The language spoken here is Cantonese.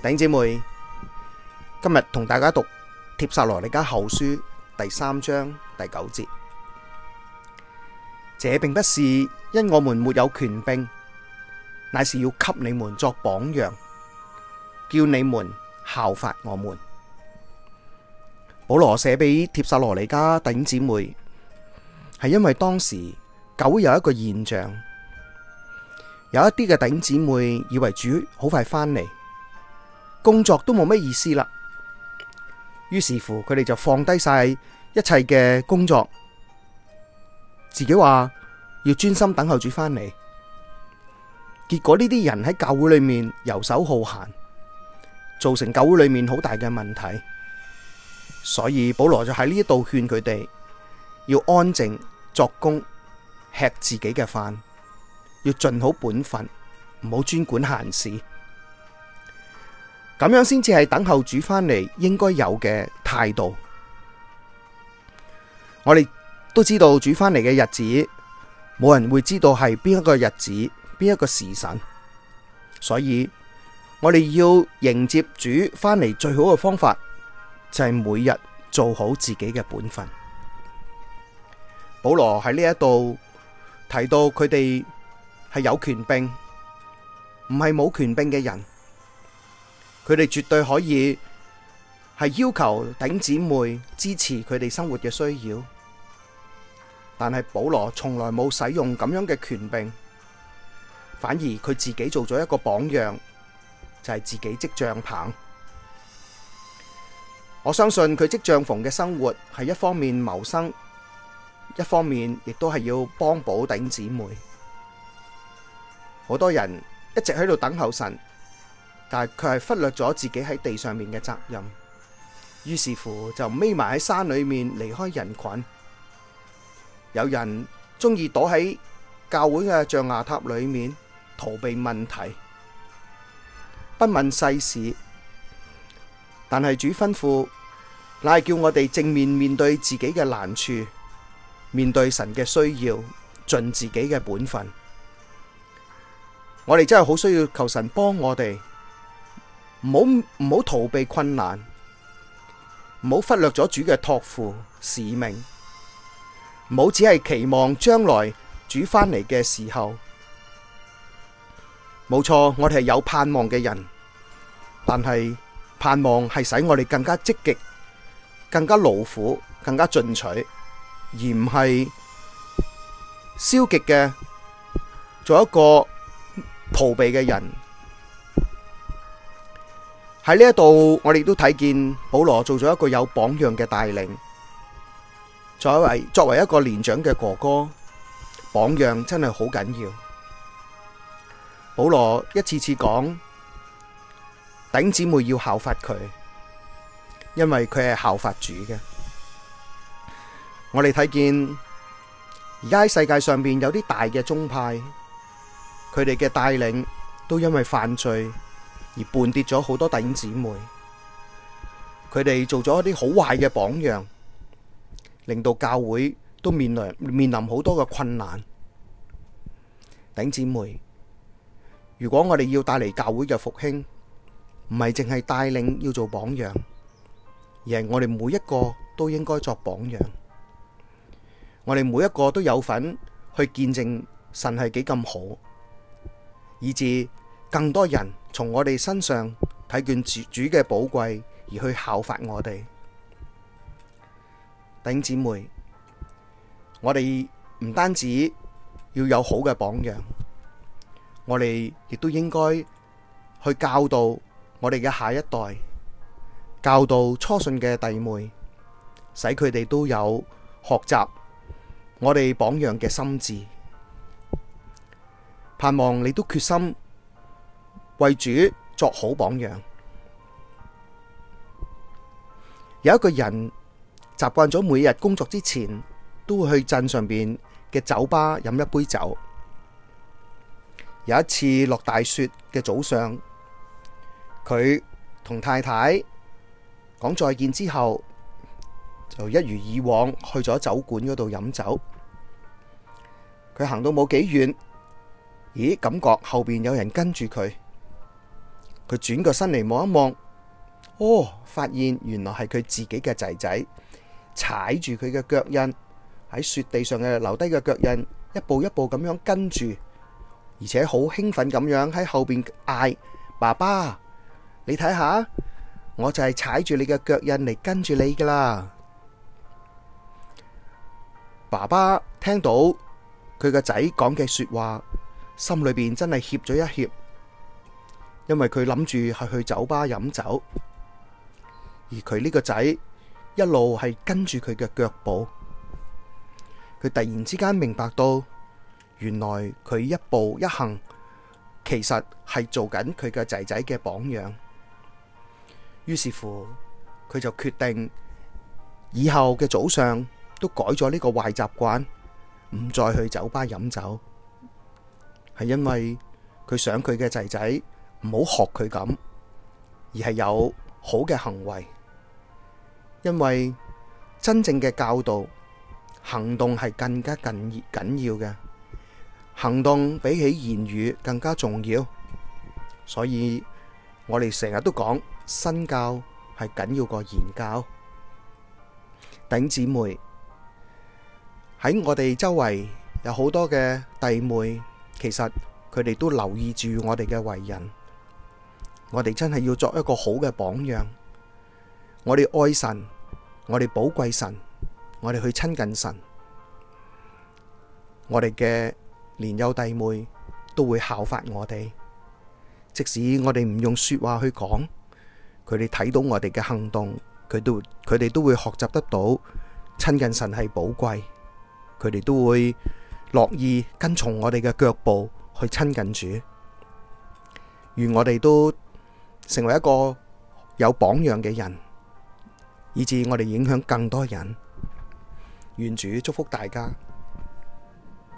弟兄姊妹，今日同大家讀帖撒羅尼迦後書第三章第九節。這並不是因我們沒有權柄，乃是要給你們作榜樣，叫你們效法我們。保羅寫俾帖撒羅尼迦弟兄姊妹，係因為當時教會有一個現象，有一啲嘅弟兄姊妹以為主好快返嚟。工作都冇咩意思啦，於是乎佢哋就放低晒一切嘅工作，自己話要專心等候主返嚟。結果呢啲人喺教會裏面游手好閒，造成教會裏面好大嘅問題。所以保羅就喺呢度勸佢哋要安靜作工，吃自己嘅飯，要盡好本分，唔好專管閒事。咁樣先至係等候主返嚟，應該有嘅態度。我哋都知道主返嚟嘅日子，冇人會知道係邊一個日子，邊一個時辰。所以，我哋要迎接主返嚟最好嘅方法，就係每日做好自己嘅本分。保羅喺呢一度提到佢哋係有權柄，唔係冇權柄嘅人。佢哋絕對可以係要求頂姊妹支持佢哋生活嘅需要，但係保羅從來冇使用咁樣嘅權柄，反而佢自己做咗一個榜樣，就係自己織帳篷。我相信佢織帳篷嘅生活係一方面謀生，一方面亦都係要幫補頂姊妹。好多人一直喺度等候神。但係佢係忽略咗自己喺地上面嘅責任，於是乎就匿埋喺山裏面離開人群。有人鍾意躲喺教會嘅象牙塔裏面逃避問題，不問世事。但係主吩咐，乃叫我哋正面面對自己嘅難處，面對神嘅需要，盡自己嘅本分。我哋真係好需要求神幫我哋。唔好唔好逃避困難，唔好忽略咗主嘅託付使命，唔好只係期望將來主返嚟嘅時候。冇錯，我哋係有盼望嘅人，但係盼望係使我哋更加積極、更加勞苦、更加進取，而唔係消極嘅做一個逃避嘅人。喺呢一度，我哋都睇見保羅做咗一個有榜樣嘅帶領。作為作為一個年長嘅哥哥，榜樣真係好緊要。保羅一次次講，頂姊妹要效法佢，因為佢係效法主嘅。我哋睇見而家喺世界上邊有啲大嘅宗派，佢哋嘅帶領都因為犯罪，而絆跌咗好多弟兄姊妹，佢哋做咗一啲好壞嘅榜樣，令到教會都面臨面臨好多嘅困難。弟兄姊妹，如果我哋要帶嚟教會嘅復興，唔係淨係帶領要做榜樣，而係我哋每一個都應該作榜樣。我哋每一個都有份去見證神係幾咁好，以至。更多人從我哋身上睇見主嘅寶貴，而去效法我哋。弟兄姊妹，我哋唔單止要有好嘅榜樣，我哋亦都應該去教導我哋嘅下一代，教導初信嘅弟妹，使佢哋都有學習我哋榜樣嘅心智。盼望你都決心。為主作好榜樣。有一個人習慣咗每日工作之前都會去鎮上邊嘅酒吧飲一杯酒。有一次落大雪嘅早上，佢同太太講再見之後，就一如以往去咗酒館嗰度飲酒。佢行到冇幾遠，咦？感覺後邊有人跟住佢。佢轉過身嚟望一望，哦，發現原來係佢自己嘅仔仔踩住佢嘅腳印喺雪地上嘅留低嘅腳印，一步一步咁樣跟住，而且好興奮咁樣喺後邊嗌：爸爸，你睇下，我就係踩住你嘅腳印嚟跟住你噶啦！爸爸聽到佢個仔講嘅說話，心裏邊真係怯咗一怯。因為佢諗住係去酒吧飲酒，而佢呢個仔一路係跟住佢嘅腳步。佢突然之間明白到，原來佢一步一行，其實係做緊佢嘅仔仔嘅榜樣。於是乎，佢就決定以後嘅早上都改咗呢個壞習慣，唔再去酒吧飲酒。係因為佢想佢嘅仔仔。唔好學佢咁，而係有好嘅行為，因為真正嘅教導行動係更加緊緊要嘅，行動比起言語更加重要。所以我哋成日都講身教係緊要過言教。頂姊妹喺我哋周圍有好多嘅弟妹，其實佢哋都留意住我哋嘅為人。我哋真係要作一個好嘅榜樣，我哋愛神，我哋寶貴神，我哋去親近神，我哋嘅年幼弟妹都會效法我哋，即使我哋唔用說話去講，佢哋睇到我哋嘅行動，佢都佢哋都會學習得到親近神係寶貴，佢哋都會樂意跟從我哋嘅腳步去親近主，如我哋都。成為一個有榜樣嘅人，以致我哋影響更多人。願主祝福大家。